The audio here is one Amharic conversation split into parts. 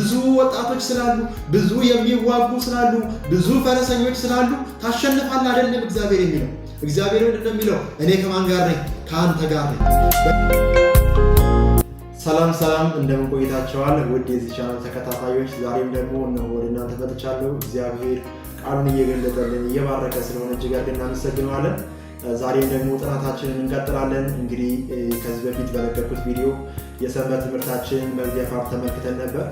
ብዙ ወጣቶች ስላሉ፣ ብዙ የሚዋጉ ስላሉ፣ ብዙ ፈረሰኞች ስላሉ ታሸንፋል አይደለም እግዚአብሔር የሚለው። እግዚአብሔር ምንድን ነው የሚለው? እኔ ከማን ጋር ነኝ? ከአንተ ጋር ነኝ። ሰላም ሰላም፣ እንደምን ቆይታችኋል? ውድ የዚህ ቻናል ተከታታዮች፣ ዛሬም ደግሞ እነሆ ወደ እናንተ መጥቻለሁ። እግዚአብሔር ቃሉን እየገለጠልን እየባረከ ስለሆነ እጅግ አድርገን እናመሰግነዋለን። ዛሬም ደግሞ ጥናታችንን እንቀጥላለን። እንግዲህ ከዚህ በፊት በለቀኩት ቪዲዮ የሰንበት ትምህርታችን በዚያ ፓርት ተመልክተን ነበር።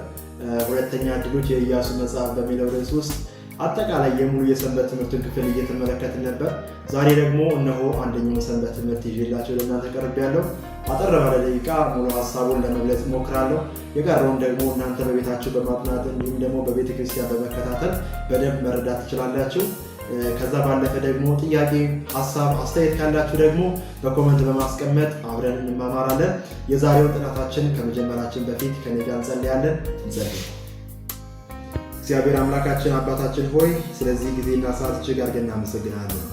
ሁለተኛ ድሎች የኢያሱ መጽሐፍ በሚለው ርዕስ ውስጥ አጠቃላይ የሙሉ የሰንበት ትምህርትን ክፍል እየተመለከትን ነበር። ዛሬ ደግሞ እነሆ አንደኛውን ሰንበት ትምህርት ይዤላቸው ለእናንተ ያለው አጠር ባለ ደቂቃ ሙሉ ሀሳቡን ለመግለጽ እሞክራለሁ። የቀረውን ደግሞ እናንተ በቤታችሁ በማጥናት እንዲሁም ደግሞ በቤተክርስቲያን በመከታተል በደንብ መረዳት ትችላላችሁ። ከዛ ባለፈ ደግሞ ጥያቄ፣ ሀሳብ፣ አስተያየት ካላችሁ ደግሞ በኮመንት በማስቀመጥ አብረን እንማማራለን። የዛሬውን ጥናታችን ከመጀመራችን በፊት ከኔ ጋር እንጸልያለን። እንጸልይ። እግዚአብሔር አምላካችን አባታችን ሆይ ስለዚህ ጊዜና ሰዓት እጅግ አድርገን እናመሰግናለን።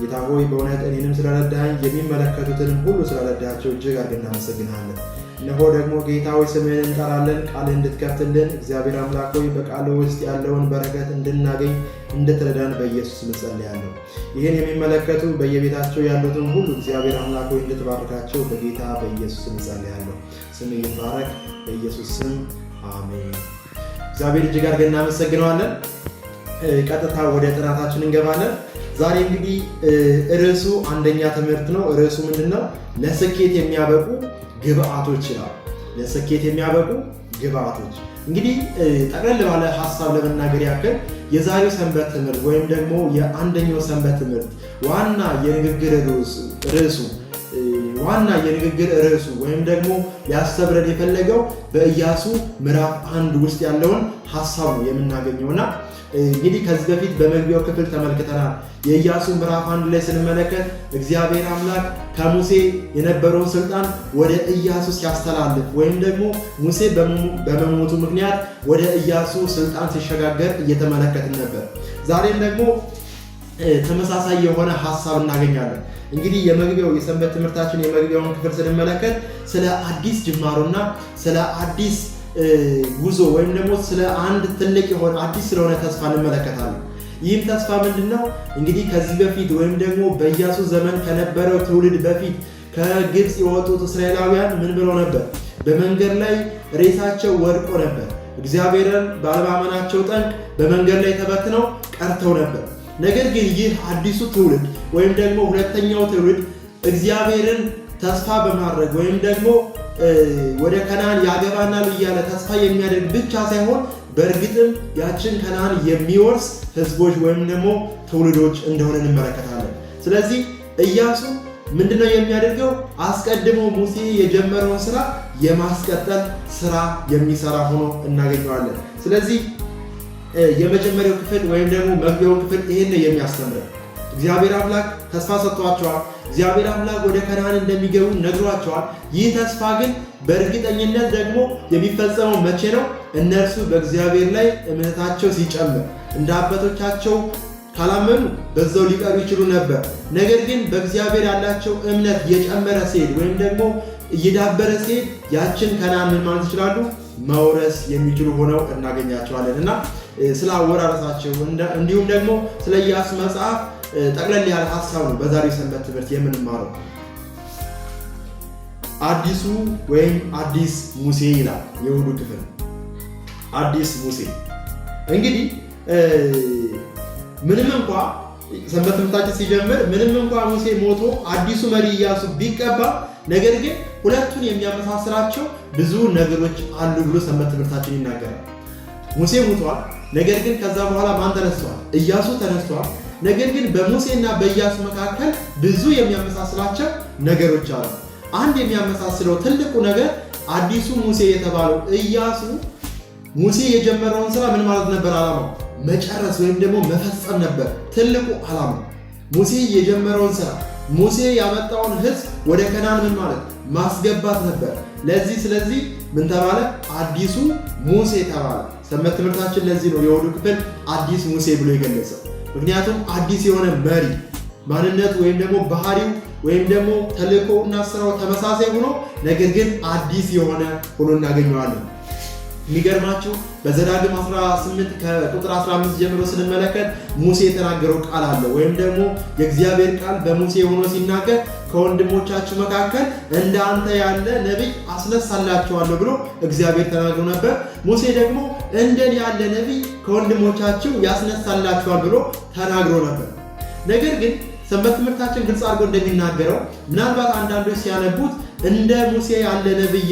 ጌታ ሆይ በእውነት እኔንም ስለረዳኸኝ የሚመለከቱትንም ሁሉ ስለረዳቸው እጅግ አድርገን እናመሰግናለን። እነሆ ደግሞ ጌታ ሆይ ስምህን እንጠራለን፣ ቃልህ እንድትከፍትልን እግዚአብሔር አምላክ ሆይ በቃል ውስጥ ያለውን በረከት እንድናገኝ እንድትረዳን በኢየሱስ እንጸልያለሁ። ይህን የሚመለከቱ በየቤታቸው ያሉትን ሁሉ እግዚአብሔር አምላክ ሆይ እንድትባርካቸው በጌታ በኢየሱስ እንጸልያለሁ። ስም ይባረክ። በኢየሱስ ስም አሜን። እግዚአብሔር እጅግ አድርገን እናመሰግነዋለን። ቀጥታ ወደ ጥናታችን እንገባለን። ዛሬ እንግዲህ ርዕሱ አንደኛ ትምህርት ነው። ርዕሱ ምንድን ነው? ለስኬት የሚያበቁ ግብአቶች ይላል። ለስኬት የሚያበቁ ግብአቶች እንግዲህ ጠቅለል ባለ ሀሳብ ለመናገር ያክል የዛሬው ሰንበት ትምህርት ወይም ደግሞ የአንደኛው ሰንበት ትምህርት ዋና የንግግር ርዕሱ ዋና የንግግር ርዕሱ ወይም ደግሞ ሊያስተብረን የፈለገው በኢያሱ ምዕራፍ አንድ ውስጥ ያለውን ሀሳብ ነው የምናገኘውና እንግዲህ ከዚህ በፊት በመግቢያው ክፍል ተመልክተናል። የኢያሱን ምዕራፍ አንድ ላይ ስንመለከት እግዚአብሔር አምላክ ከሙሴ የነበረውን ስልጣን ወደ ኢያሱ ሲያስተላልፍ ወይም ደግሞ ሙሴ በመሞቱ ምክንያት ወደ ኢያሱ ስልጣን ሲሸጋገር እየተመለከትን ነበር። ዛሬም ደግሞ ተመሳሳይ የሆነ ሀሳብ እናገኛለን። እንግዲህ የመግቢያው የሰንበት ትምህርታችን የመግቢያውን ክፍል ስንመለከት ስለ አዲስ ጅማሮና ስለ አዲስ ጉዞ ወይም ደግሞ ስለ አንድ ትልቅ የሆነ አዲስ ስለሆነ ተስፋ እንመለከታለን። ይህም ተስፋ ምንድን ነው? እንግዲህ ከዚህ በፊት ወይም ደግሞ በኢያሱ ዘመን ከነበረው ትውልድ በፊት ከግብፅ የወጡት እስራኤላውያን ምን ብለው ነበር? በመንገድ ላይ ሬሳቸው ወድቆ ነበር። እግዚአብሔርን ባለማመናቸው ጠንቅ በመንገድ ላይ ተበትነው ቀርተው ነበር። ነገር ግን ይህ አዲሱ ትውልድ ወይም ደግሞ ሁለተኛው ትውልድ እግዚአብሔርን ተስፋ በማድረግ ወይም ደግሞ ወደ ከነአን ያገባናል እያለ ተስፋ የሚያደርግ ብቻ ሳይሆን በእርግጥም ያችን ከነአን የሚወርስ ህዝቦች ወይም ደግሞ ትውልዶች እንደሆነ እንመለከታለን። ስለዚህ እያሱ ምንድነው የሚያደርገው? አስቀድሞ ሙሴ የጀመረውን ስራ የማስቀጠል ስራ የሚሰራ ሆኖ እናገኘዋለን። ስለዚህ የመጀመሪያው ክፍል ወይም ደግሞ መግቢያው ክፍል ነው የሚያስተምረው እግዚአብሔር አምላክ ተስፋ ሰጥቷቸዋል። እግዚአብሔር አምላክ ወደ ከነዓን እንደሚገቡ ነግሯቸዋል። ይህ ተስፋ ግን በእርግጠኝነት ደግሞ የሚፈጸመው መቼ ነው? እነርሱ በእግዚአብሔር ላይ እምነታቸው ሲጨምር እንደ አባቶቻቸው ካላመኑ በዛው ሊቀሩ ይችሉ ነበር። ነገር ግን በእግዚአብሔር ያላቸው እምነት እየጨመረ ሲሄድ ወይም ደግሞ እየዳበረ ሲሄድ ያችን ከነዓን ምን ማለት ይችላሉ መውረስ የሚችሉ ሆነው እናገኛቸዋለን እና ስለ አወራረሳቸው እንዲሁም ደግሞ ስለ ኢያሱ መጽሐፍ ጠቅለል ያለ ሀሳብ ነው በዛሬው የሰንበት ትምህርት የምንማረው። አዲሱ ወይም አዲስ ሙሴ ይላል የእሑዱ ክፍል። አዲስ ሙሴ እንግዲህ ምንም እንኳ ሰንበት ትምህርታችን ሲጀምር ምንም እንኳ ሙሴ ሞቶ አዲሱ መሪ እያሱ ቢቀባ፣ ነገር ግን ሁለቱን የሚያመሳስላቸው ብዙ ነገሮች አሉ ብሎ ሰንበት ትምህርታችን ይናገራል። ሙሴ ሙቷል። ነገር ግን ከዛ በኋላ ማን ተነስተዋል? እያሱ ተነስቷል። ነገር ግን በሙሴና በኢያሱ መካከል ብዙ የሚያመሳስላቸው ነገሮች አሉ። አንድ የሚያመሳስለው ትልቁ ነገር አዲሱ ሙሴ የተባለው ኢያሱ ሙሴ የጀመረውን ስራ ምን ማለት ነበር? አላማው መጨረስ ወይም ደግሞ መፈጸም ነበር ትልቁ አላማ ሙሴ የጀመረውን ስራ ሙሴ ያመጣውን ህዝብ ወደ ከናን ምን ማለት ማስገባት ነበር። ለዚህ ስለዚህ ምን ተባለ? አዲሱ ሙሴ ተባለ። ሰንበት ትምህርታችን ለዚህ ነው የወዱ ክፍል አዲስ ሙሴ ብሎ የገለጸው። ምክንያቱም አዲስ የሆነ መሪ ማንነት ወይም ደግሞ ባህሪው ወይም ደግሞ ተልእኮው እና ስራው ተመሳሳይ ሆኖ ነገር ግን አዲስ የሆነ ሆኖ እናገኘዋለን። የሚገርማችሁ በዘዳግም 18 ከቁጥር 15 ጀምሮ ስንመለከት ሙሴ የተናገረው ቃል አለ ወይም ደግሞ የእግዚአብሔር ቃል በሙሴ ሆኖ ሲናገር ከወንድሞቻችሁ መካከል እንደ አንተ ያለ ነቢይ አስነሳላቸዋለሁ ብሎ እግዚአብሔር ተናግሮ ነበር። ሙሴ ደግሞ እንደን ያለ ነቢይ ከወንድሞቻችሁ ያስነሳላችኋል ብሎ ተናግሮ ነበር። ነገር ግን ሰንበት ትምህርታችን ግልጽ አድርጎ እንደሚናገረው ምናልባት አንዳንዶች ሲያነቡት እንደ ሙሴ ያለ ነቢይ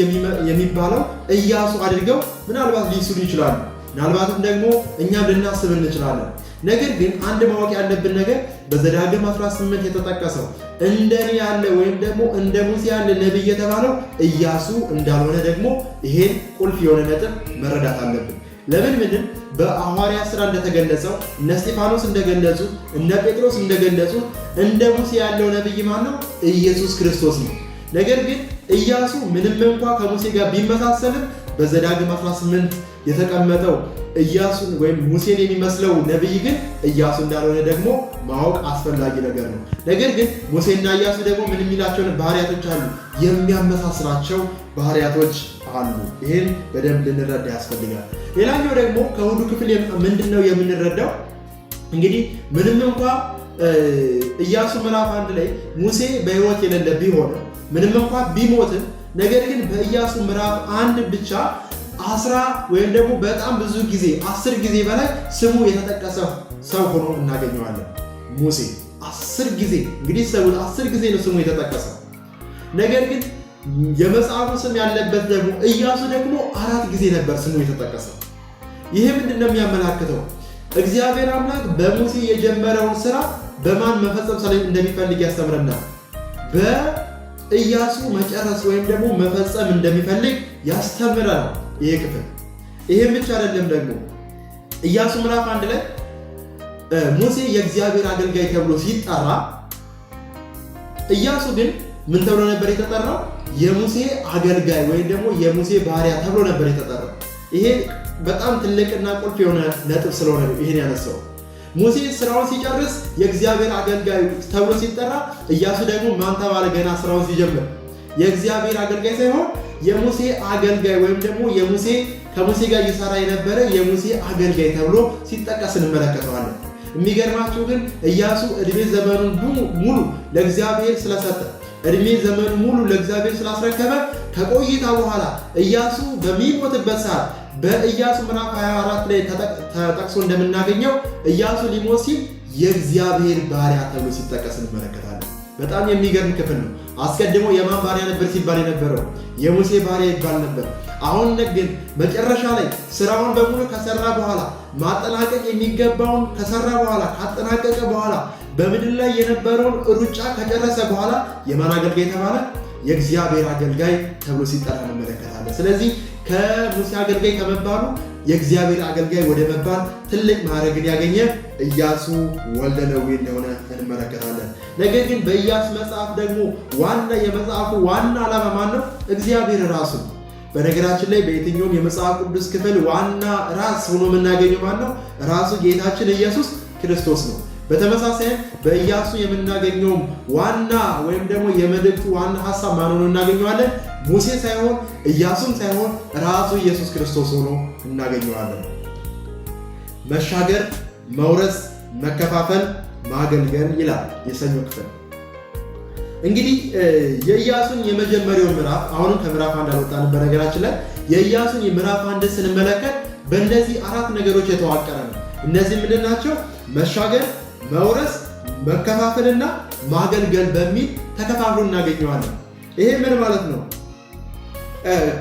የሚባለው እያሱ አድርገው ምናልባት ሊስሉ ይችላሉ። ምናልባትም ደግሞ እኛም ልናስብ እንችላለን። ነገር ግን አንድ ማወቅ ያለብን ነገር በዘዳግም 18 የተጠቀሰው እንደኔ ያለ ወይም ደግሞ እንደ ሙሴ ያለ ነቢይ የተባለው እያሱ እንዳልሆነ ደግሞ ይሄን ቁልፍ የሆነ ነጥብ መረዳት አለብን። ለምን ምንም በሐዋርያት ሥራ እንደተገለጸው እነ እስጢፋኖስ እንደገለጹ እነ ጴጥሮስ እንደገለጹ እንደ ሙሴ ያለው ነቢይ ማን ነው? ኢየሱስ ክርስቶስ ነው። ነገር ግን ኢያሱ ምንም እንኳ ከሙሴ ጋር ቢመሳሰልም በዘዳግም 18 የተቀመጠው እያሱን ወይም ሙሴን የሚመስለው ነቢይ ግን እያሱ እንዳልሆነ ደግሞ ማወቅ አስፈላጊ ነገር ነው። ነገር ግን ሙሴና እያሱ ደግሞ ምን የሚላቸውን ባህሪያቶች አሉ፣ የሚያመሳስላቸው ባህሪያቶች አሉ። ይህን በደንብ ልንረዳ ያስፈልጋል። ሌላኛው ደግሞ ከሁሉ ክፍል ምንድን ነው የምንረዳው? እንግዲህ ምንም እንኳ እያሱ ምዕራፍ አንድ ላይ ሙሴ በህይወት የሌለ ቢሆን ምንም እንኳ ቢሞትም ነገር ግን በኢያሱ ምዕራፍ አንድ ብቻ አስራ ወይም ደግሞ በጣም ብዙ ጊዜ አስር ጊዜ በላይ ስሙ የተጠቀሰ ሰው ሆኖ እናገኘዋለን። ሙሴ አስር ጊዜ እንግዲህ ሰው አስር ጊዜ ነው ስሙ የተጠቀሰው። ነገር ግን የመጽሐፉ ስም ያለበት ደግሞ እያሱ ደግሞ አራት ጊዜ ነበር ስሙ የተጠቀሰው። ይህ ምንድን ነው የሚያመላክተው? እግዚአብሔር አምላክ በሙሴ የጀመረውን ስራ በማን መፈጸም እንደሚፈልግ ያስተምረናል። እያሱ መጨረስ ወይም ደግሞ መፈጸም እንደሚፈልግ ያስተምራል ይሄ ክፍል። ይሄም ብቻ አይደለም ደግሞ እያሱ ምዕራፍ አንድ ላይ ሙሴ የእግዚአብሔር አገልጋይ ተብሎ ሲጠራ እያሱ ግን ምን ተብሎ ነበር የተጠራው? የሙሴ አገልጋይ ወይም ደግሞ የሙሴ ባሪያ ተብሎ ነበር የተጠራው። ይሄ በጣም ትልቅና ቁልፍ የሆነ ነጥብ ስለሆነ ይሄን ያነሳው ሙሴ ስራውን ሲጨርስ የእግዚአብሔር አገልጋይ ተብሎ ሲጠራ፣ እያሱ ደግሞ ማን ተባለ? ገና ስራውን ሲጀምር የእግዚአብሔር አገልጋይ ሳይሆን የሙሴ አገልጋይ ወይም ደግሞ የሙሴ ከሙሴ ጋር እየሰራ የነበረ የሙሴ አገልጋይ ተብሎ ሲጠቀስ እንመለከተዋለን። የሚገርማችሁ ግን እያሱ እድሜ ዘመኑን ሙሉ ለእግዚአብሔር ስለሰጠ እድሜ ዘመኑ ሙሉ ለእግዚአብሔር ስላስረከበ ከቆይታ በኋላ እያሱ በሚሞትበት ሰዓት በኢያሱ ምዕራፍ 24 ላይ ተጠቅሶ እንደምናገኘው ኢያሱ ሊሞት ሲል የእግዚአብሔር ባሪያ ተብሎ ሲጠቀስ እንመለከታለን። በጣም የሚገርም ክፍል ነው። አስቀድሞ የማን ባሪያ ነበር ሲባል የነበረው የሙሴ ባሪያ ይባል ነበር። አሁን ግን መጨረሻ ላይ ስራውን በሙሉ ከሰራ በኋላ ማጠናቀቅ የሚገባውን ከሰራ በኋላ ካጠናቀቀ በኋላ በምድር ላይ የነበረውን ሩጫ ከጨረሰ በኋላ የማን አገልጋይ የተባለ የእግዚአብሔር አገልጋይ ተብሎ ሲጠራ እንመለከታለን። ስለዚህ ከሙሴ አገልጋይ ከመባሉ የእግዚአብሔር አገልጋይ ወደ መባል ትልቅ ማዕረግን ያገኘ ኢያሱ ወልደ ነዌ እንደሆነ እንመለከታለን። ነገር ግን በኢያሱ መጽሐፍ ደግሞ ዋና የመጽሐፉ ዋና ዓላማ ማን ነው? እግዚአብሔር ራሱ። በነገራችን ላይ በየትኛውም የመጽሐፍ ቅዱስ ክፍል ዋና ራስ ሆኖ የምናገኘው ማን ነው? ራሱ ጌታችን ኢየሱስ ክርስቶስ ነው። በተመሳሳይ በኢያሱ የምናገኘውም ዋና ወይም ደግሞ የመልእክቱ ዋና ሀሳብ ማን ሆኖ እናገኘዋለን? ሙሴ ሳይሆን ኢያሱም ሳይሆን ራሱ ኢየሱስ ክርስቶስ ሆኖ እናገኘዋለን። መሻገር፣ መውረስ፣ መከፋፈል፣ ማገልገል ይላል የሰኞ ክፍል። እንግዲህ የኢያሱን የመጀመሪያው ምዕራፍ አሁንም ከምዕራፍ አንድ አልወጣንም። በነገራችን ላይ የኢያሱን የምዕራፍ አንድ ስንመለከት በእነዚህ አራት ነገሮች የተዋቀረ ነው። እነዚህ ምንድን ናቸው? መሻገር መውረስ መከፋፈልና ማገልገል በሚል ተከፋፍሎ እናገኘዋለን። ይሄ ምን ማለት ነው?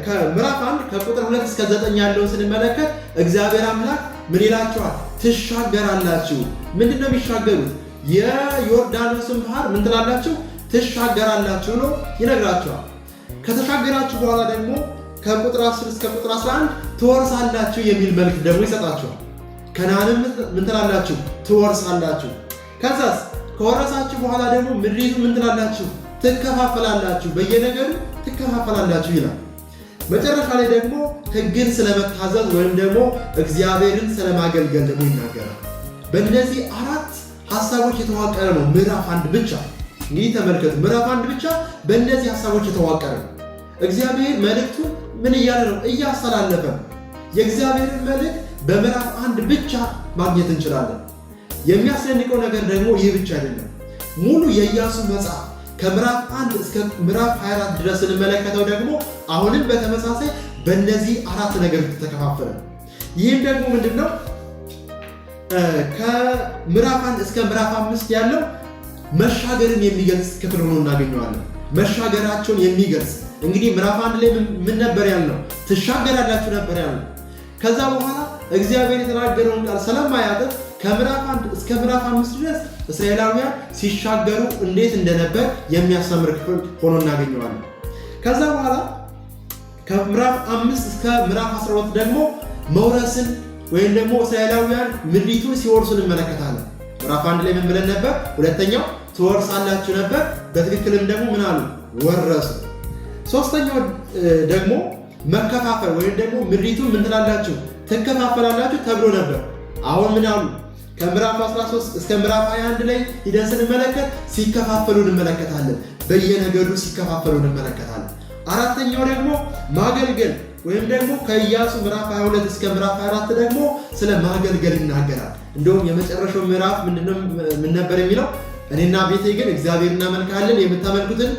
ከምዕራፍ አንድ ከቁጥር ሁለት እስከ ዘጠኝ ያለውን ስንመለከት እግዚአብሔር አምላክ ምን ይላቸዋል? ትሻገራላችሁ። ምንድን ነው የሚሻገሩት? የዮርዳኖስን ባህር ምን ትላላችሁ? ትሻገራላችሁ ነው ይነግራቸዋል። ከተሻገራችሁ በኋላ ደግሞ ከቁጥር 10 እስከ ቁጥር 11 ትወርሳላችሁ የሚል መልክ ደግሞ ይሰጣቸዋል። ከነዓንም ምን ትላላችሁ? ትወርሳላችሁ። ከዛስ ከወረሳችሁ በኋላ ደግሞ ምድሪቱ ምን ትላላችሁ? ትከፋፈላላችሁ፣ በየነገሩ ትከፋፈላላችሁ ይላል። መጨረሻ ላይ ደግሞ ሕግን ስለመታዘዝ ወይም ደግሞ እግዚአብሔርን ስለማገልገል ደግሞ ይናገራል። በእነዚህ አራት ሀሳቦች የተዋቀረ ነው ምዕራፍ አንድ ብቻ። እንግዲህ ተመልከቱ፣ ምዕራፍ አንድ ብቻ በእነዚህ ሀሳቦች የተዋቀረ ነው። እግዚአብሔር መልእክቱ ምን እያለ ነው? እያስተላለፈ የእግዚአብሔርን መልእክት በምዕራፍ አንድ ብቻ ማግኘት እንችላለን። የሚያስደንቀው ነገር ደግሞ ይህ ብቻ አይደለም። ሙሉ የኢያሱ መጽሐፍ ከምዕራፍ አንድ እስከ ምዕራፍ 24 ድረስ ስንመለከተው ደግሞ አሁንም በተመሳሳይ በእነዚህ አራት ነገር ተከፋፈለ። ይህም ደግሞ ምንድን ነው? ከምዕራፍ አንድ እስከ ምዕራፍ አምስት ያለው መሻገርን የሚገልጽ ክፍል ሆኖ እናገኘዋለን። መሻገራቸውን የሚገልጽ እንግዲህ ምዕራፍ አንድ ላይ ምን ነበር ያልነው? ትሻገራላችሁ ነበር ያልነው። ከዛ በኋላ እግዚአብሔር የተናገረውን ቃል ስለማያጥፍ ከምዕራፍ አንድ እስከ ምዕራፍ አምስት ድረስ እስራኤላውያን ሲሻገሩ እንዴት እንደነበር የሚያስተምር ክፍል ሆኖ እናገኘዋለን። ከዛ በኋላ ከምዕራፍ አምስት እስከ ምዕራፍ 12 ደግሞ መውረስን ወይም ደግሞ እስራኤላውያን ምድሪቱን ሲወርሱ እንመለከታለን። ምዕራፍ አንድ ላይ ምን ብለን ነበር? ሁለተኛው ትወርሳላችሁ ነበር። በትክክልም ደግሞ ምን አሉ? ወረሱ። ሶስተኛው ደግሞ መከፋፈል ወይም ደግሞ ምድሪቱን ምን ትላላችሁ ትከፋፈላላችሁ ተብሎ ነበር። አሁን ምን አሉ? ከምዕራፍ 13 እስከ ምዕራፍ 21 ላይ ሂደን ስንመለከት ሲከፋፈሉ እንመለከታለን። በየነገዱ ሲከፋፈሉ እንመለከታለን። አራተኛው ደግሞ ማገልገል ወይም ደግሞ ከኢያሱ ምዕራፍ 22 እስከ ምዕራፍ 24 ደግሞ ስለ ማገልገል ይናገራል። እንደውም የመጨረሻው ምዕራፍ ምን ነበር የሚለው? እኔና ቤቴ ግን እግዚአብሔር እናመልካለን፣ የምታመልኩትን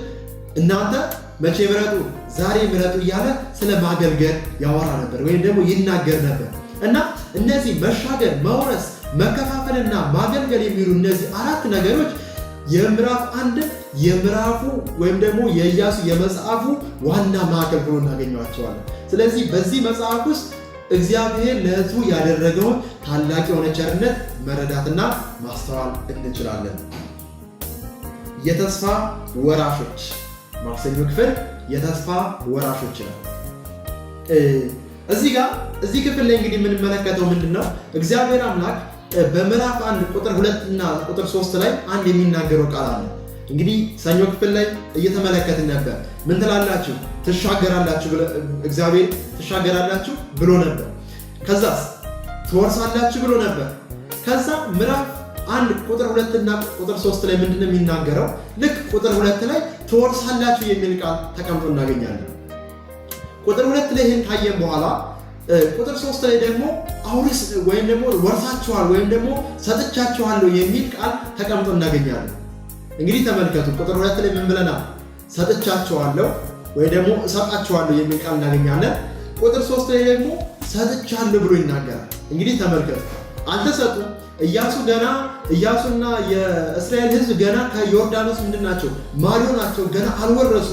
እናንተ መቼ ምረጡ፣ ዛሬ ምረጡ እያለ ስለ ማገልገል ያወራ ነበር ወይም ደግሞ ይናገር ነበር እና እነዚህ መሻገር፣ መውረስ፣ መከፋፈልና ማገልገል የሚሉ እነዚህ አራት ነገሮች የምዕራፍ አንድ የምዕራፉ ወይም ደግሞ የኢያሱ የመጽሐፉ ዋና ማዕከል ሆኖ እናገኘዋቸዋለን። ስለዚህ በዚህ መጽሐፍ ውስጥ እግዚአብሔር ለሕዝቡ ያደረገውን ታላቅ የሆነ ቸርነት መረዳትና ማስተዋል እንችላለን። የተስፋ ወራሾች ማክሰኞ ክፍል የተስፋ ወራሾች ነው። እዚህ ጋር እዚህ ክፍል ላይ እንግዲህ የምንመለከተው ምንድን ነው? እግዚአብሔር አምላክ በምዕራፍ አንድ ቁጥር ሁለት እና ቁጥር ሶስት ላይ አንድ የሚናገረው ቃል አለ። እንግዲህ ሰኞ ክፍል ላይ እየተመለከትን ነበር። ምን ትላላችሁ? ትሻገራላችሁ፣ እግዚአብሔር ትሻገራላችሁ ብሎ ነበር። ከዛስ ትወርሳላችሁ ብሎ ነበር። ከዛ ምዕራፍ አንድ ቁጥር እና ቁጥር ሶስት ላይ ምንድን ነው የሚናገረው? ልክ ቁጥር ሁለት ላይ ትወርሳላችሁ የሚል ቃል ተቀምጦ እናገኛለን። ቁጥር ሁለት ላይ ይህን ካየን በኋላ ቁጥር ሶስት ላይ ደግሞ አውርስ ወይም ደግሞ ወርሳችኋል ወይም ደግሞ ሰጥቻችኋለሁ የሚል ቃል ተቀምጦ እናገኛለን። እንግዲህ ተመልከቱ ቁጥር ሁለት ላይ ምን ብለናል? ሰጥቻችኋለሁ ወይም ደግሞ እሰጣችኋለሁ የሚል ቃል እናገኛለን። ቁጥር ሶስት ላይ ደግሞ ሰጥቻለሁ ብሎ ይናገራል። እንግዲህ ተመልከቱ አልተሰጡም እያሱ ገና እያሱና የእስራኤል ህዝብ ገና ከዮርዳኖስ ምንድን ናቸው ማዶ ናቸው። ገና አልወረሱ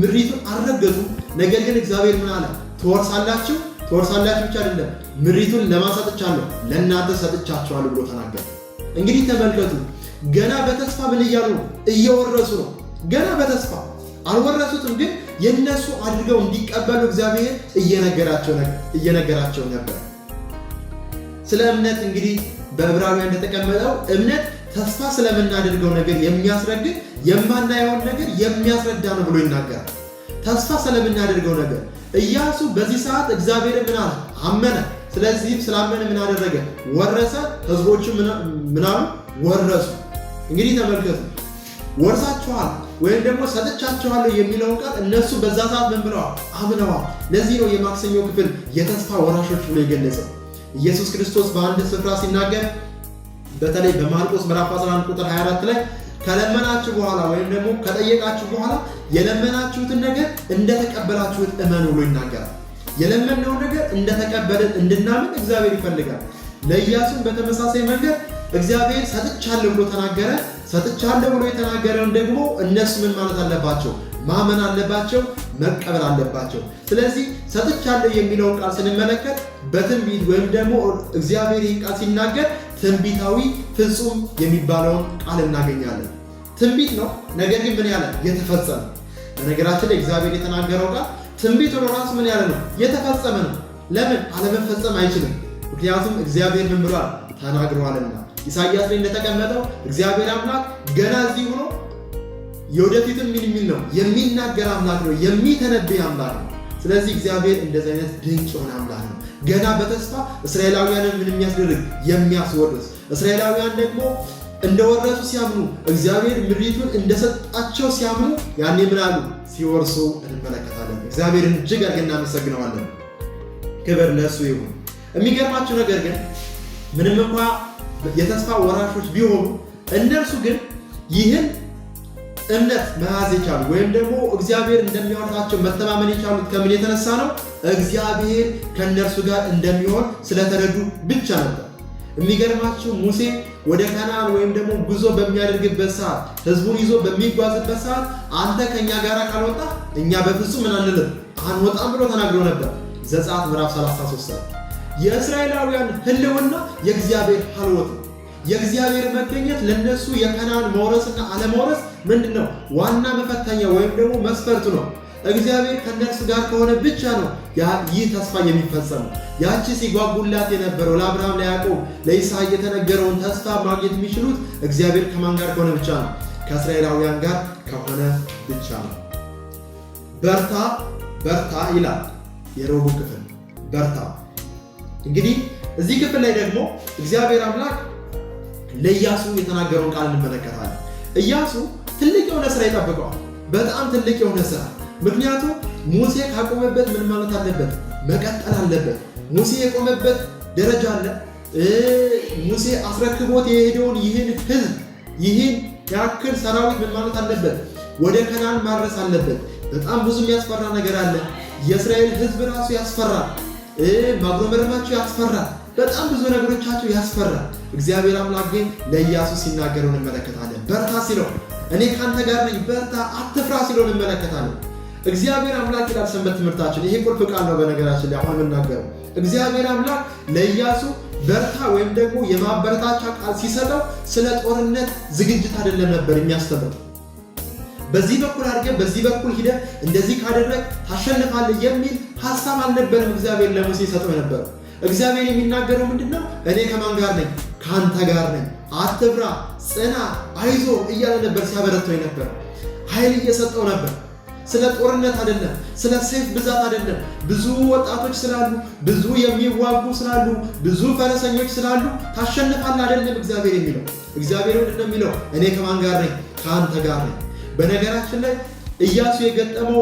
ምሪቱን አልረገጡ። ነገር ግን እግዚአብሔር ምን አለ? ትወርሳላችሁ ትወርሳላችሁ ብቻ አይደለም ምሪቱን ለማሰጥቻለሁ ለእናንተ ሰጥቻቸዋለሁ ብሎ ተናገረ። እንግዲህ ተመልከቱ፣ ገና በተስፋ ምን እያሉ ነው? እየወረሱ ነው። ገና በተስፋ አልወረሱትም፣ ግን የእነሱ አድርገው እንዲቀበሉ እግዚአብሔር እየነገራቸው ነበር። ስለ እምነት እንግዲህ በዕብራውያን እንደተቀመጠው እምነት ተስፋ ስለምናደርገው ነገር የሚያስረግጥ የማናየውን ነገር የሚያስረዳ ነው ብሎ ይናገራል። ተስፋ ስለምናደርገው ነገር እያሱ በዚህ ሰዓት እግዚአብሔር ምን አለ? አመነ። ስለዚህም ስላመነ ምን አደረገ? ወረሰ። ህዝቦቹ ምናሉ? ወረሱ። እንግዲህ ተመልከቱ፣ ወርሳችኋል ወይም ደግሞ ሰጥቻችኋለሁ የሚለውን ቃል እነሱ በዛ ሰዓት ምን ብለዋል? አምነዋል። ለዚህ ነው የማክሰኞ ክፍል የተስፋ ወራሾች ብሎ የገለጸው። ኢየሱስ ክርስቶስ በአንድ ስፍራ ሲናገር በተለይ በማርቆስ ምዕራፍ 11 ቁጥር 24 ላይ ከለመናችሁ በኋላ ወይም ደግሞ ከጠየቃችሁ በኋላ የለመናችሁትን ነገር እንደተቀበላችሁት እመኑ ብሎ ይናገራል። የለመነውን ነገር እንደተቀበልን እንድናምን እግዚአብሔር ይፈልጋል። ለኢያሱን በተመሳሳይ መንገድ እግዚአብሔር ሰጥቻለሁ ብሎ ተናገረ። ሰጥቻለሁ ብሎ የተናገረውን ደግሞ እነሱ ምን ማለት አለባቸው? ማመን አለባቸው፣ መቀበል አለባቸው። ስለዚህ ሰጥቻለሁ የሚለውን ቃል ስንመለከት በትንቢት ወይም ደግሞ እግዚአብሔር ይህን ቃል ሲናገር ትንቢታዊ ፍጹም የሚባለውን ቃል እናገኛለን። ትንቢት ነው፣ ነገር ግን ምን ያለ የተፈጸመ። በነገራችን ላይ እግዚአብሔር የተናገረው ቃል ትንቢት ሆኖ ራሱ ምን ያለ ነው የተፈጸመ ነው። ለምን አለመፈጸም አይችልም። ምክንያቱም እግዚአብሔር ምን ብሏል? ተናግረዋልና። ኢሳያስ ላይ እንደተቀመጠው እግዚአብሔር አምላክ ገና እዚህ ሆኖ የወደፊቱን ምን የሚል ነው የሚናገር አምላክ ነው፣ የሚተነብይ አምላክ ነው። ስለዚህ እግዚአብሔር እንደዚህ አይነት ድንቅ የሆነ አምላክ ነው። ገና በተስፋ እስራኤላውያንን ምን የሚያስደርግ የሚያስወርስ እስራኤላውያን ደግሞ እንደወረሱ ሲያምኑ እግዚአብሔር ምድሪቱን እንደሰጣቸው ሲያምኑ ያኔ ምን አሉ ሲወርሱ እንመለከታለን። እግዚአብሔርን እጅግ አድርገን እናመሰግነዋለን። ክብር ለእሱ ይሁን። የሚገርማቸው ነገር ግን ምንም እንኳ የተስፋ ወራሾች ቢሆኑ እነርሱ ግን ይህን እምነት መያዝ የቻሉ ወይም ደግሞ እግዚአብሔር እንደሚያወጣቸው መተማመን የቻሉት ከምን የተነሳ ነው? እግዚአብሔር ከእነርሱ ጋር እንደሚሆን ስለተረዱ ብቻ ነበር። የሚገርማቸው ሙሴ ወደ ከነዓን ወይም ደግሞ ጉዞ በሚያደርግበት ሰዓት ህዝቡን ይዞ በሚጓዝበት ሰዓት አንተ ከእኛ ጋር ካልወጣ እኛ በፍጹም ምን አንልም አንወጣም ብሎ ተናግሮ ነበር። ዘጸአት ምዕራፍ 33 የእስራኤላውያን ህልውና የእግዚአብሔር ሀልወት የእግዚአብሔር መገኘት ለነሱ የከናን መውረስና አለመውረስ ምንድን ነው? ዋና መፈተኛ ወይም ደግሞ መስፈርቱ ነው። እግዚአብሔር ከነርሱ ጋር ከሆነ ብቻ ነው ይህ ተስፋ የሚፈጸመው። ያቺ ሲጓጉላት የነበረው ለአብርሃም፣ ለያዕቆብ፣ ለይስሐቅ የተነገረውን ተስፋ ማግኘት የሚችሉት እግዚአብሔር ከማን ጋር ከሆነ ብቻ ነው? ከእስራኤላውያን ጋር ከሆነ ብቻ ነው። በርታ በርታ ይላል የሮቡ ክፍል በርታ። እንግዲህ እዚህ ክፍል ላይ ደግሞ እግዚአብሔር አምላክ ለኢያሱ የተናገረውን ቃል እንመለከታለን። ኢያሱ ትልቅ የሆነ ስራ ይጠብቀዋል። በጣም ትልቅ የሆነ ስራ። ምክንያቱም ሙሴ ካቆመበት ምን ማለት አለበት? መቀጠል አለበት። ሙሴ የቆመበት ደረጃ አለ። ሙሴ አስረክቦት የሄደውን ይህን ህዝብ ይህን ያክል ሰራዊት ምን ማለት አለበት? ወደ ከናን ማድረስ አለበት። በጣም ብዙ የሚያስፈራ ነገር አለ። የእስራኤል ህዝብ ራሱ ያስፈራል። ማጉረመረማቸው ያስፈራል። በጣም ብዙ ነገሮቻቸው ያስፈራል። እግዚአብሔር አምላክ ግን ለኢያሱ ሲናገረው እንመለከታለን። በርታ ሲለው እኔ ከአንተ ጋር ነኝ፣ በርታ አትፍራ ሲለው እንመለከታለን። እግዚአብሔር አምላክ ይላል ሰንበት ትምህርታችን። ይሄ ቁልፍ ቃል ነው። በነገራችን ላይ አሁን የምናገረው እግዚአብሔር አምላክ ለኢያሱ በርታ ወይም ደግሞ የማበረታቻ ቃል ሲሰጠው ስለ ጦርነት ዝግጅት አይደለም ነበር የሚያስተምረው በዚህ በኩል አድርገን በዚህ በኩል ሂደ እንደዚህ ካደረግ ታሸንፋለህ የሚል ሀሳብ አልነበርም እግዚአብሔር ለሙሴ ሰጠው ነበር። እግዚአብሔር የሚናገረው ምንድን ነው? እኔ ከማን ጋር ነኝ? ከአንተ ጋር ነኝ። አትፍራ፣ ጽና፣ አይዞ እያለ ነበር ሲያበረታው ነበር። ኃይል እየሰጠው ነበር። ስለ ጦርነት አይደለም፣ ስለ ሰይፍ ብዛት አይደለም። ብዙ ወጣቶች ስላሉ፣ ብዙ የሚዋጉ ስላሉ፣ ብዙ ፈረሰኞች ስላሉ ታሸንፋለህ አይደለም እግዚአብሔር የሚለው። እግዚአብሔር ምንድን ነው የሚለው? እኔ ከማን ጋር ነኝ? ከአንተ ጋር ነኝ። በነገራችን ላይ እያሱ የገጠመው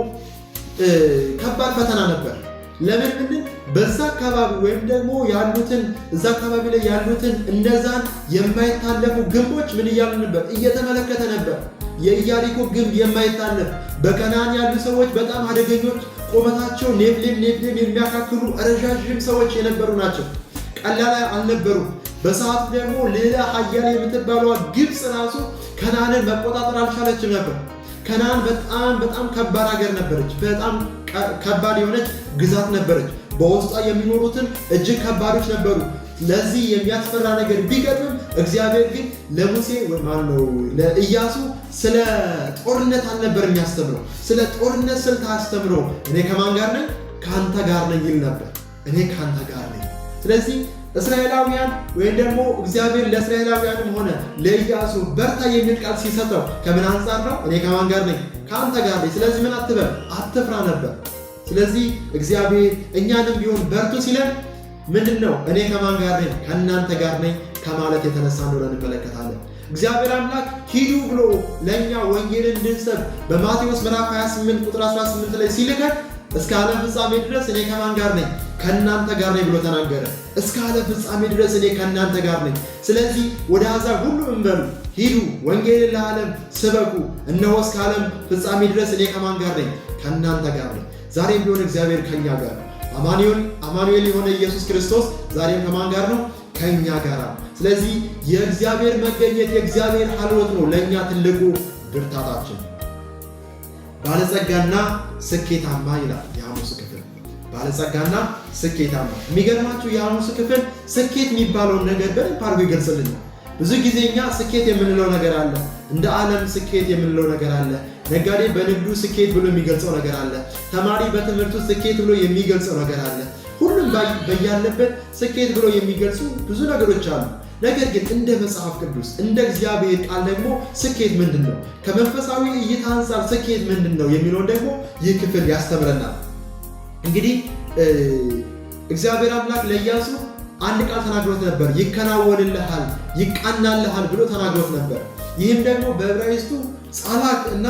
ከባድ ፈተና ነበር። ለምን በዛ አካባቢ ወይም ደግሞ ያሉትን እዛ አካባቢ ላይ ያሉትን እነዛን የማይታለፉ ግንቦች ምን እያሉ ነበር? እየተመለከተ ነበር። የኢያሪኮ ግንብ የማይታለፍ በከናን ያሉ ሰዎች በጣም አደገኞች፣ ቁመታቸው ኔፍሌም ኔፍሌም የሚያካክሉ ረዣዥም ሰዎች የነበሩ ናቸው። ቀላል አልነበሩም። በሰዓቱ ደግሞ ሌላ ሀያል የምትባለዋ ግብፅ ራሱ ከናንን መቆጣጠር አልቻለችም ነበር። ከናን በጣም በጣም ከባድ ሀገር ነበረች። በጣም ከባድ የሆነች ግዛት ነበረች። በውስጧ የሚኖሩትን እጅግ ከባዶች ነበሩ። ለዚህ የሚያስፈራ ነገር ቢገጥምም እግዚአብሔር ግን ለሙሴ ማነው ለኢያሱ ስለ ጦርነት አልነበር የሚያስተምረው። ስለ ጦርነት ስልት አያስተምረው። እኔ ከማን ጋር ነኝ? ከአንተ ጋር ነኝ ይል ነበር። እኔ ከአንተ ጋር ነኝ። ስለዚህ እስራኤላውያን ወይም ደግሞ እግዚአብሔር ለእስራኤላውያንም ሆነ ለኢያሱ በርታ የሚል ቃል ሲሰጠው ከምን አንጻር ነው? እኔ ከማን ጋር ነኝ? ከአንተ ጋር ነኝ። ስለዚህ ምን አትበል፣ አትፍራ ነበር። ስለዚህ እግዚአብሔር እኛንም ቢሆን በርቱ ሲለን ምንድን ነው? እኔ ከማን ጋር ነኝ? ከእናንተ ጋር ነኝ ከማለት የተነሳ እንደሆነ እንመለከታለን። እግዚአብሔር አምላክ ሂዱ ብሎ ለእኛ ወንጌልን እንድንሰብ በማቴዎስ ምዕራፍ 28 ቁጥር 18 ላይ ሲልከን እስከ ዓለም ፍጻሜ ድረስ እኔ ከማን ጋር ነኝ? ከእናንተ ጋር ነኝ ብሎ ተናገረ። እስከ ዓለም ፍጻሜ ድረስ እኔ ከእናንተ ጋር ነኝ። ስለዚህ ወደ አሕዛብ ሁሉ እንበሉ፣ ሂዱ፣ ወንጌልን ለዓለም ስበኩ። እነሆ እስከ ዓለም ፍጻሜ ድረስ እኔ ከማን ጋር ነኝ? ከእናንተ ጋር ነኝ። ዛሬም ቢሆን እግዚአብሔር ከእኛ ጋር ነው። አማኑኤል አማኑኤል የሆነ ኢየሱስ ክርስቶስ ዛሬም ከማን ጋር ነው? ከእኛ ጋር ስለዚህ የእግዚአብሔር መገኘት የእግዚአብሔር ሀልወት ነው ለእኛ ትልቁ ብርታታችን ባለጸጋና ስኬታማ ይላል የሐሙስ ክፍል። ባለጸጋና ስኬታማ የሚገርማችሁ የሐሙስ ክፍል ስኬት የሚባለውን ነገር በደንብ አድርጎ ይገልጽልናል። ብዙ ጊዜ እኛ ስኬት የምንለው ነገር አለ፣ እንደ ዓለም ስኬት የምንለው ነገር አለ። ነጋዴ በንግዱ ስኬት ብሎ የሚገልጸው ነገር አለ። ተማሪ በትምህርቱ ስኬት ብሎ የሚገልጸው ነገር አለ። ሁሉም በያለበት ስኬት ብሎ የሚገልጹ ብዙ ነገሮች አሉ። ነገር ግን እንደ መጽሐፍ ቅዱስ እንደ እግዚአብሔር ቃል ደግሞ ስኬት ምንድን ነው፣ ከመንፈሳዊ እይታ አንጻር ስኬት ምንድን ነው የሚለውን ደግሞ ይህ ክፍል ያስተምረናል። እንግዲህ እግዚአብሔር አምላክ ለኢያሱ አንድ ቃል ተናግሮት ነበር። ይከናወንልሃል፣ ይቃናልሃል ብሎ ተናግሮት ነበር። ይህም ደግሞ በዕብራይስጡ ጻላቅ እና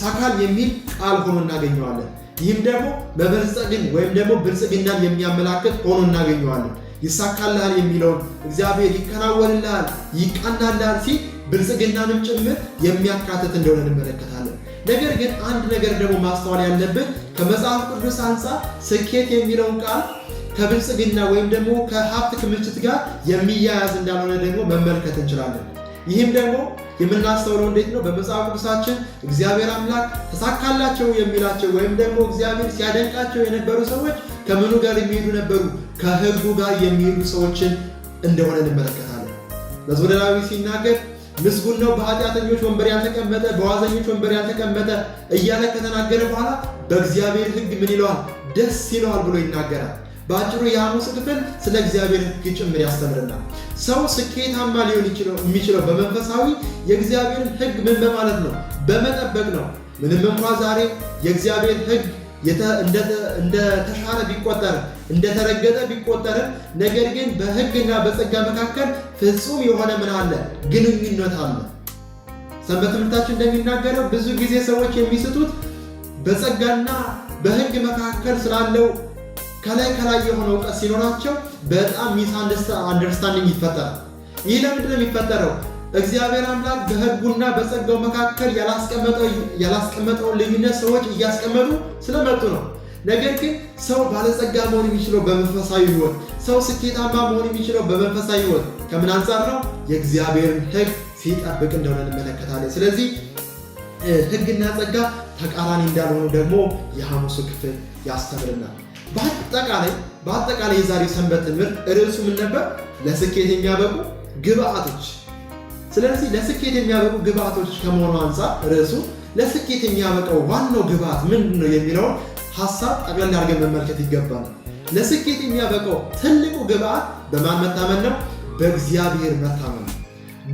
ሳካል የሚል ቃል ሆኖ እናገኘዋለን። ይህም ደግሞ መበልጸግን ወይም ደግሞ ብልጽግናን የሚያመላክት ሆኖ እናገኘዋለን። ይሳካልሃል የሚለውን እግዚአብሔር ይከናወንልሃል፣ ይቀናልሃል ሲል ብልጽግናንም ጭምር የሚያካትት እንደሆነ እንመለከታለን። ነገር ግን አንድ ነገር ደግሞ ማስተዋል ያለብን ከመጽሐፍ ቅዱስ አንጻር ስኬት የሚለውን ቃል ከብልጽግና ወይም ደግሞ ከሀብት ክምችት ጋር የሚያያዝ እንዳልሆነ ደግሞ መመልከት እንችላለን። ይህም ደግሞ የምናስተውለው እንዴት ነው? በመጽሐፍ ቅዱሳችን እግዚአብሔር አምላክ ተሳካላቸው የሚላቸው ወይም ደግሞ እግዚአብሔር ሲያደንቃቸው የነበሩ ሰዎች ከምኑ ጋር የሚሄዱ ነበሩ? ከህጉ ጋር የሚሄዱ ሰዎችን እንደሆነ እንመለከታለን። መዝሙረ ዳዊት ሲናገር ምስጉን ነው በኃጢአተኞች ወንበር ያልተቀመጠ በዋዘኞች ወንበር ያልተቀመጠ እያለ ከተናገረ በኋላ በእግዚአብሔር ህግ ምን ይለዋል? ደስ ይለዋል ብሎ ይናገራል። በአጭሩ የሐሙስ ክፍል ስለ እግዚአብሔር ህግ ጭምር ያስተምርናል። ሰው ስኬታማ ሊሆን የሚችለው በመንፈሳዊ የእግዚአብሔርን ህግ ምን በማለት ነው? በመጠበቅ ነው። ምንም እንኳ ዛሬ የእግዚአብሔር ህግ እንደተሻረ ቢቆጠርም እንደተረገጠ ቢቆጠርም ነገር ግን በሕግና በጸጋ መካከል ፍጹም የሆነ ምን አለ? ግንኙነት አለ። ሰንበት ትምህርታችን እንደሚናገረው ብዙ ጊዜ ሰዎች የሚስቱት በጸጋና በሕግ መካከል ስላለው ከላይ ከላይ የሆነ እውቀት ሲኖራቸው በጣም ሚስ አንደርስታንዲንግ ይፈጠራል። ይህ ለምንድን ነው የሚፈጠረው? እግዚአብሔር አምላክ በሕጉና በጸጋው መካከል ያላስቀመጠውን ልዩነት ሰዎች እያስቀመጡ ስለመጡ ነው። ነገር ግን ሰው ባለጸጋ መሆን የሚችለው በመንፈሳዊ ሕይወት፣ ሰው ስኬታማ መሆን የሚችለው በመንፈሳዊ ሕይወት ከምን አንጻር ነው? የእግዚአብሔርን ሕግ ሲጠብቅ እንደሆነ እንመለከታለን። ስለዚህ ሕግና ጸጋ ተቃራኒ እንዳልሆኑ ደግሞ የሐሙሱ ክፍል ያስተምርናል። በአጠቃላይ በአጠቃላይ የዛሬው ሰንበት ትምህርት ርዕሱ ምን ነበር? ለስኬት የሚያበቁ ግብአቶች ስለዚህ ለስኬት የሚያበቁ ግብዓቶች ከመሆኑ አንጻር ርዕሱ ለስኬት የሚያበቀው ዋናው ግብዓት ምንድን ነው የሚለውን ሀሳብ ጠቅለል አድርገን መመልከት ይገባል። ለስኬት የሚያበቀው ትልቁ ግብዓት በማን መታመን ነው? በእግዚአብሔር መታመን ነው።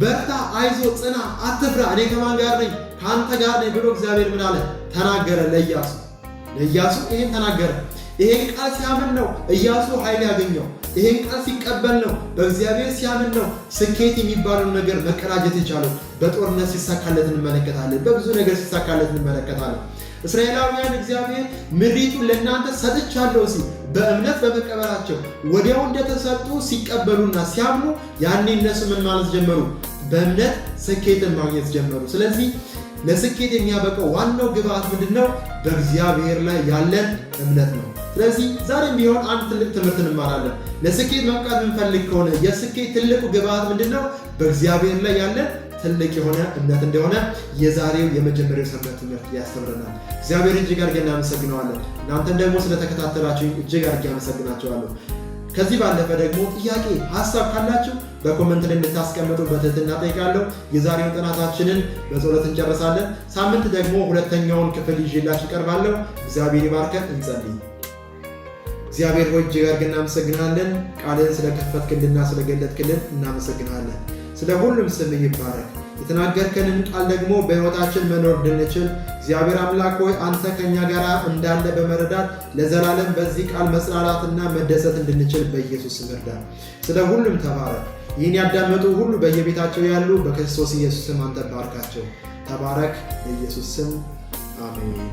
በርታ፣ አይዞ፣ ጽና፣ አትፍራ፣ እኔ ከማን ጋር ነኝ? ከአንተ ጋር ነኝ ብሎ እግዚአብሔር ምን አለ? ተናገረ ለኢያሱ። ለኢያሱ ይህን ተናገረ። ይሄን ቃል ሲያምን ነው ኢያሱ ኃይል ያገኘው። ይህን ቃል ሲቀበል ነው፣ በእግዚአብሔር ሲያምን ነው ስኬት የሚባለውን ነገር መቀዳጀት የቻለው። በጦርነት ሲሳካለት እንመለከታለን። በብዙ ነገር ሲሳካለት እንመለከታለን። እስራኤላውያን እግዚአብሔር ምድሪቱን ለእናንተ ሰጥቻለሁ ሲል በእምነት በመቀበላቸው ወዲያው እንደተሰጡ ሲቀበሉና ሲያምኑ ያኔ እነሱ ምን ማለት ጀመሩ? በእምነት ስኬትን ማግኘት ጀመሩ። ስለዚህ ለስኬት የሚያበቀው ዋናው ግብአት ምንድን ነው? በእግዚአብሔር ላይ ያለን እምነት ነው። ስለዚህ ዛሬም ቢሆን አንድ ትልቅ ትምህርት እንማራለን። ለስኬት መብቃት የምንፈልግ ከሆነ የስኬት ትልቁ ግብዓት ምንድን ነው? በእግዚአብሔር ላይ ያለን ትልቅ የሆነ እምነት እንደሆነ የዛሬው የመጀመሪያው ሰንበት ትምህርት ያስተምረናል። እግዚአብሔር እጅግ አድርገን እናመሰግነዋለን። እናንተን ደግሞ ስለተከታተላችሁ እጅግ አድርጌ አመሰግናቸዋለሁ። ከዚህ ባለፈ ደግሞ ጥያቄ፣ ሀሳብ ካላችሁ በኮመንት ላይ እንድታስቀምጡ በትህትና ጠይቃለሁ። የዛሬውን ጥናታችንን በጸሎት እንጨርሳለን። ሳምንት ደግሞ ሁለተኛውን ክፍል ይዤላችሁ እቀርባለሁ። እግዚአብሔር ይባርከን። እንጸልይ። እግዚአብሔር ሆይ እጅግ አድርገን እናመሰግናለን። ቃልህን ስለከፈትክልና ስለገለጥክልን እናመሰግናለን። ስለ ሁሉም ስም ይባረክ። የተናገርከንን ቃል ደግሞ በሕይወታችን መኖር እንድንችል እግዚአብሔር አምላክ ሆይ አንተ ከእኛ ጋር እንዳለ በመረዳት ለዘላለም በዚህ ቃል መጽናናትና መደሰት እንድንችል በኢየሱስ ስም እርዳን። ስለ ሁሉም ተባረክ። ይህን ያዳመጡ ሁሉ በየቤታቸው ያሉ በክርስቶስ ኢየሱስ ስም አንተ ባርካቸው። ተባረክ። በኢየሱስ ስም አሜን።